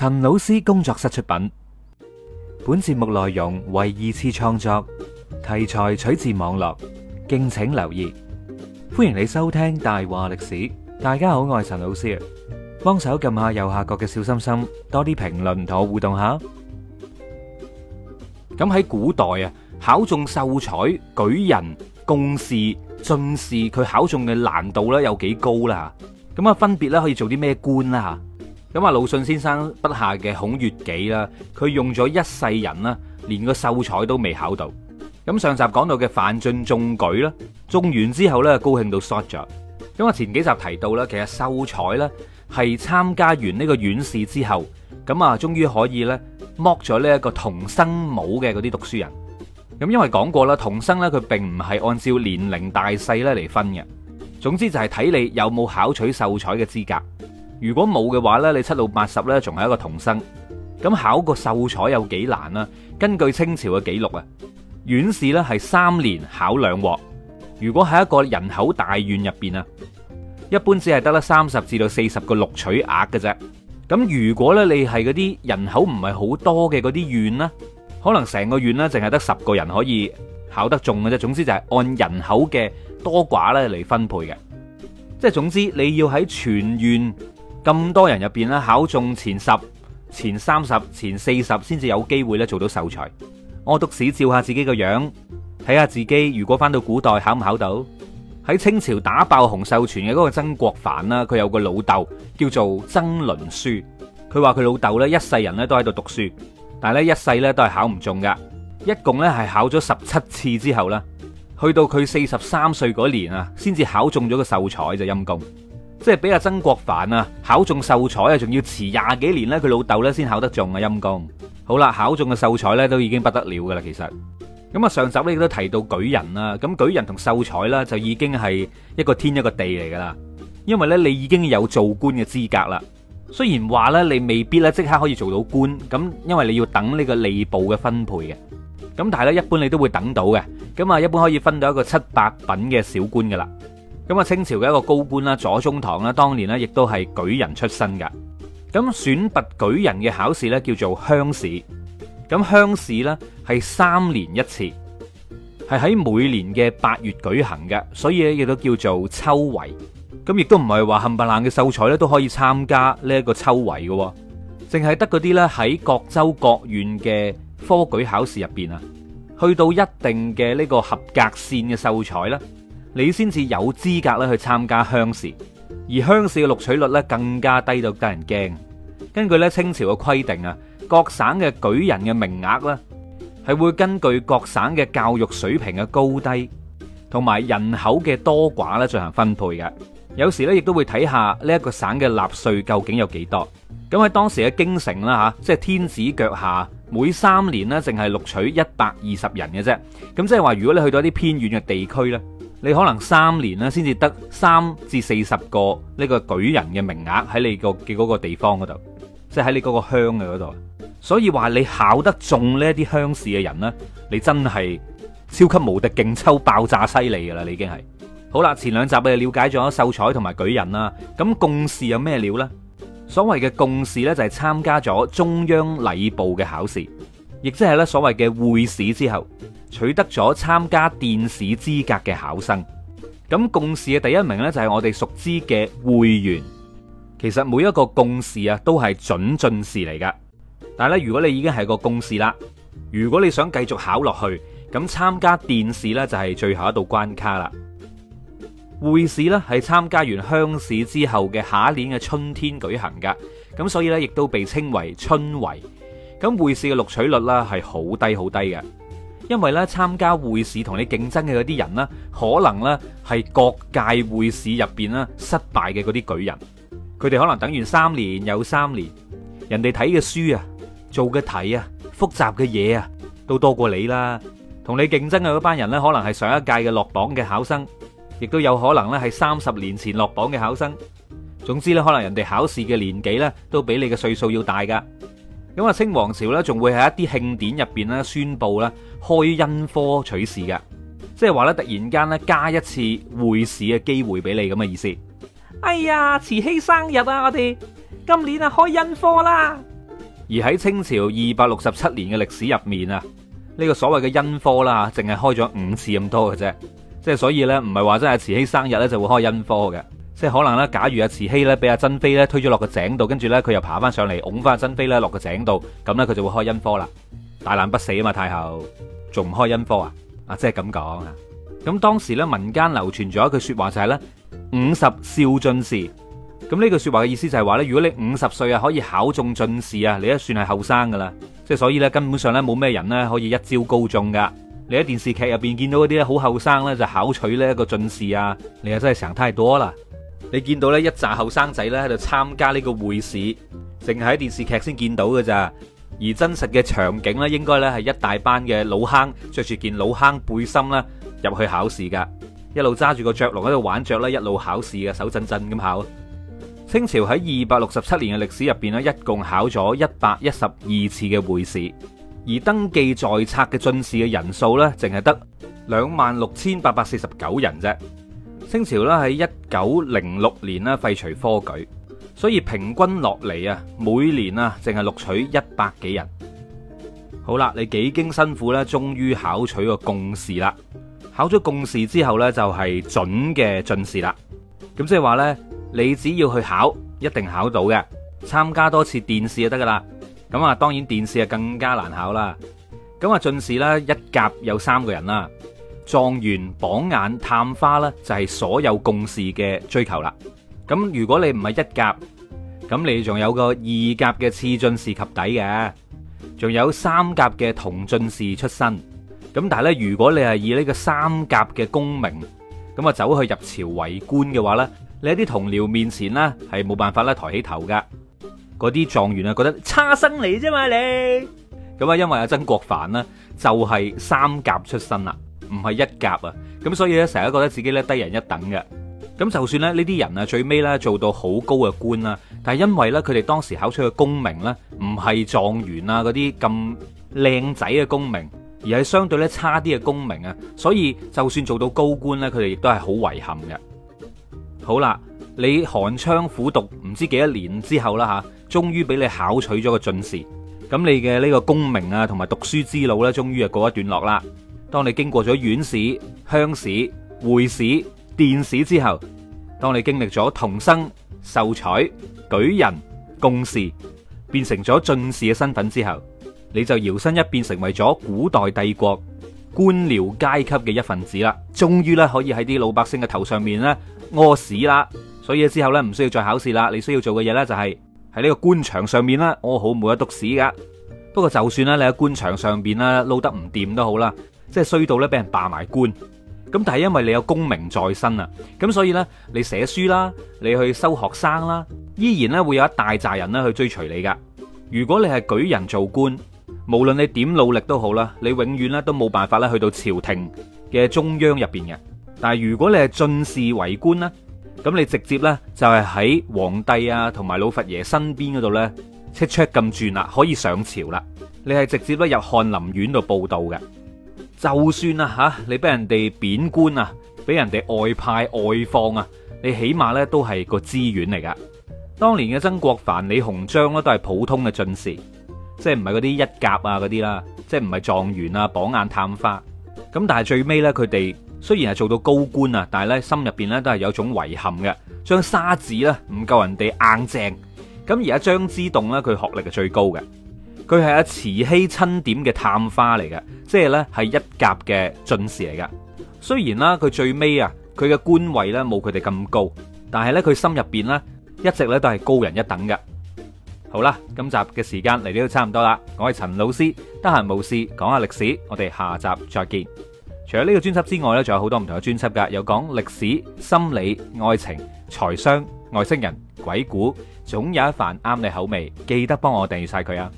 陳老師工作室出品，本節目內容為二次創作，題材取自網絡，敬請留意。歡迎你收聽《大話歷史》。大家好，我係陳老師，幫手撳下右下角嘅小心心，多啲評論同我互動下。咁喺古代啊，考中秀才、舉人、貢士、進士，佢考中嘅難度咧有幾高啦？吓，咁啊分別咧可以做啲咩官啦？吓？咁啊，魯迅先生筆下嘅孔乙己啦，佢用咗一世人啦，連個秀才都未考到。咁上集講到嘅范進中舉啦，中完之後咧高興到 short 咗。咁啊，前幾集提到啦，其實秀才咧係參加完呢個院試之後，咁啊，終於可以咧剝咗呢一個童生帽嘅嗰啲讀書人。咁因為講過啦，童生咧佢並唔係按照年齡大細咧嚟分嘅，總之就係睇你有冇考取秀才嘅資格。如果冇嘅話呢，你七老八十呢，仲係一個童生，咁考個秀才有幾難呀？根據清朝嘅記錄啊，縣試呢係三年考兩鑊，如果喺一個人口大縣入邊啊，一般只係得得三十至到四十個錄取額嘅啫。咁如果呢，你係嗰啲人口唔係好多嘅嗰啲縣呢，可能成個縣呢淨係得十個人可以考得中嘅啫。總之就係按人口嘅多寡呢嚟分配嘅，即係總之你要喺全縣咁多人入邊啦，考中前十、前三十、前四十，先至有機會咧做到秀才。我讀史照下自己個樣，睇下自己如果翻到古代考唔考到？喺清朝打爆洪秀全嘅嗰個曾國藩啦，佢有個老豆叫做曾麟書，佢話佢老豆呢，一世人都喺度讀書，但係咧一世都係考唔中噶，一共呢係考咗十七次之後呢，去到佢四十三歲嗰年啊，先至考中咗個秀才就陰功。即係俾阿曾國藩啊，考中秀才啊，仲要遲廿幾年咧，佢老豆咧先考得中啊，陰功。好啦，考中嘅秀才咧都已經不得了噶啦，其實咁啊，上集咧亦都提到舉人啦，咁舉人同秀才啦，就已經係一個天一個地嚟噶啦，因為咧你已經有做官嘅資格啦，雖然話咧你未必咧即刻可以做到官，咁因為你要等呢個吏部嘅分配嘅，咁但係咧一般你都會等到嘅，咁啊一般可以分到一個七八品嘅小官噶啦。咁啊，清朝嘅一個高官啦，左宗棠啦，當年咧亦都係舉人出身噶。咁選拔舉人嘅考試咧叫做鄉試，咁鄉試咧係三年一次，係喺每年嘅八月舉行嘅，所以咧亦都叫做秋闈。咁亦都唔係話冚唪唥嘅秀才咧都可以參加呢一個秋闈嘅，淨係得嗰啲咧喺各州各縣嘅科舉考試入邊啊，去到一定嘅呢個合格線嘅秀才啦。你先至有資格咧去參加鄉試，而鄉試嘅錄取率咧更加低到得人驚。根據咧清朝嘅規定啊，各省嘅舉人嘅名額咧係會根據各省嘅教育水平嘅高低同埋人口嘅多寡咧進行分配嘅。有時咧亦都會睇下呢一個省嘅納稅究竟有幾多。咁喺當時嘅京城啦嚇，即係天子腳下，每三年咧淨係錄取一百二十人嘅啫。咁即係話，如果你去到一啲偏遠嘅地區咧，你可能三年先至得三至四十個呢個舉人嘅名額喺你個嘅個地方嗰度，即係喺你嗰個鄉嘅嗰度。所以話你考得中呢啲鄉試嘅人呢，你真係超級無敵勁抽爆炸犀利噶啦，你已經係好啦。前兩集我哋了解咗秀才同埋舉人啦，咁貢士有咩料呢？所謂嘅貢士呢，就係參加咗中央禮部嘅考試，亦即係所謂嘅會試之後。取得咗參加殿試資格嘅考生，咁貢試嘅第一名呢，就係、是、我哋熟知嘅會元，其實每一個貢試啊都係準進士嚟噶，但係咧，如果你已經係個貢試啦，如果你想繼續考落去，咁參加殿試呢，就係、是、最後一道關卡啦。會試呢，係參加完鄉試之後嘅下一年嘅春天舉行噶，咁所以呢，亦都被稱為春闈，咁會試嘅錄取率呢，係好低好低嘅。因為咧，參加會試同你競爭嘅嗰啲人咧，可能咧係各界會試入邊咧失敗嘅嗰啲舉人，佢哋可能等完三年又三年，人哋睇嘅書啊，做嘅題啊，複雜嘅嘢啊，都多過你啦。同你競爭嘅嗰班人咧，可能係上一屆嘅落榜嘅考生，亦都有可能咧係三十年前落榜嘅考生。總之咧，可能人哋考試嘅年紀咧都比你嘅歲數要大噶。咁啊，清王朝咧仲會喺一啲慶典入邊咧宣布咧開恩科取士嘅，即係話咧突然間咧加一次會試嘅機會俾你咁嘅、這個、意思。哎呀，慈禧生日啊，我哋今年啊開恩科啦。而喺清朝二百六十七年嘅歷史入面啊、呢、這個所謂嘅恩科啦，淨係開咗五次咁多嘅啫，即係所以咧唔係話真係慈禧生日咧就會開恩科嘅。即係可能咧，假如阿慈禧咧俾阿珍妃咧推咗落個井度，跟住咧佢又爬翻上嚟，拱翻阿珍妃咧落個井度，咁咧佢就會開恩科啦。大難不死啊嘛，太后仲唔開恩科啊？啊，即係咁講啊。咁當時咧民間流傳咗一句說話就係咧五十少進士。咁呢句說話嘅意思就係話咧，如果你五十歲啊可以考中進士啊，你都算係後生噶啦。即係所以咧根本上咧冇咩人咧可以一朝高中噶。你喺電視劇入邊見到嗰啲咧好後生咧就考取呢一個進士啊，你又真係諗太多啦。你見到呢一紮後生仔咧喺度參加呢個會試，淨係喺電視劇先見到㗎咋，而真實嘅場景呢，應該呢係一大班嘅老坑，着住件老坑背心啦入去考試㗎，一路揸住個雀籠喺度玩雀啦，一路考試嘅手震震咁考。清朝喺二百六十七年嘅歷史入邊呢，一共考咗一百一十二次嘅會試，而登記在冊嘅進士嘅人數呢，淨係得兩萬六千八百四十九人啫。清朝咧喺一九零六年咧廢除科舉，所以平均落嚟啊，每年啊淨係錄取一百幾人。好啦,你幾經辛苦咧，終於考取個貢士啦。考咗貢士之後呢，就係、是、準嘅進士啦。咁即係話呢，你只要去考，一定考到嘅。參加多次殿試就得噶啦。咁啊，當然殿試啊更加難考啦。咁啊，進士咧一甲有三個人啦。狀元、榜眼、探花咧，就係所有貢士嘅追求啦。咁如果你唔係一甲，咁你仲有個二甲嘅次進士及第嘅，仲有三甲嘅同進士出身。咁但係咧，如果你係以呢個三甲嘅功名咁啊，走去入朝為官嘅話咧，你喺啲同僚面前呢係冇辦法咧，抬起頭噶，嗰啲狀元啊，覺得差生嚟啫嘛，你咁啊，因為阿曾國藩呢，就係三甲出身啦。唔係一甲啊，咁所以呢，成日覺得自己呢低人一等嘅，咁就算呢呢啲人啊最尾呢做到好高嘅官啦，但係因為呢，佢哋當時考取嘅功名呢，唔係狀元啊嗰啲咁靚仔嘅功名，而係相對呢差啲嘅功名啊，所以就算做到高官呢，佢哋亦都係好遺憾嘅。好啦，你寒窗苦讀唔知幾多年之後啦吓，終於俾你考取咗個進士，咁你嘅呢個功名啊同埋讀書之路呢，終於啊過一段落啦。當你經過咗縣試、鄉試、會試、殿試之後，當你經歷咗童生、秀才、舉人、貢士，變成咗進士嘅身份之後，你就搖身一變成為咗古代帝國官僚階級嘅一份子啦。終於咧可以喺啲老百姓嘅頭上面咧屙屎啦。所以之後咧唔需要再考試啦，你需要做嘅嘢咧就係喺呢個官場上面咧屙好每一篤屎噶。不過就算你喺官場上邊咧撈得唔掂都好啦。即係衰到咧，俾人霸埋官咁，但係因為你有功名在身啊，咁所以呢，你寫書啦，你去收學生啦，依然咧會有一大扎人咧去追隨你噶。如果你係舉人做官，無論你點努力都好啦，你永遠咧都冇辦法咧去到朝廷嘅中央入邊嘅。但係如果你係進士為官咧，咁你直接呢，就係喺皇帝啊同埋老佛爺身邊嗰度呢，ch ch 咁轉啦，可以上朝啦。你係直接咧入翰林院度報道嘅。就算啊，嚇你俾人哋貶官啊，俾人哋外派外放啊，你起碼咧都係個資源嚟噶。當年嘅曾國藩、李鴻章咧都係普通嘅進士，即係唔係嗰啲一甲啊嗰啲啦，即係唔係狀元啊榜眼、探花。咁但係最尾咧，佢哋雖然係做到高官啊，但係咧心入邊咧都係有種遺憾嘅，將沙子咧唔夠人哋硬正。咁而家張之洞咧，佢學歷係最高嘅，佢係阿慈禧親點嘅探花嚟嘅。即係咧，係一甲嘅進士嚟噶。雖然啦，佢最尾啊，佢嘅官位咧冇佢哋咁高，但係咧佢心入邊咧，一直咧都係高人一等嘅。好啦，今集嘅時間嚟到都差唔多啦。我係陳老師，得閒無事講下歷史。我哋下集再見。除咗呢個專輯之外呢，仲有好多唔同嘅專輯噶，有講歷史、心理、愛情、財商、外星人、鬼故，總有一番啱你口味。記得幫我訂閱晒佢啊！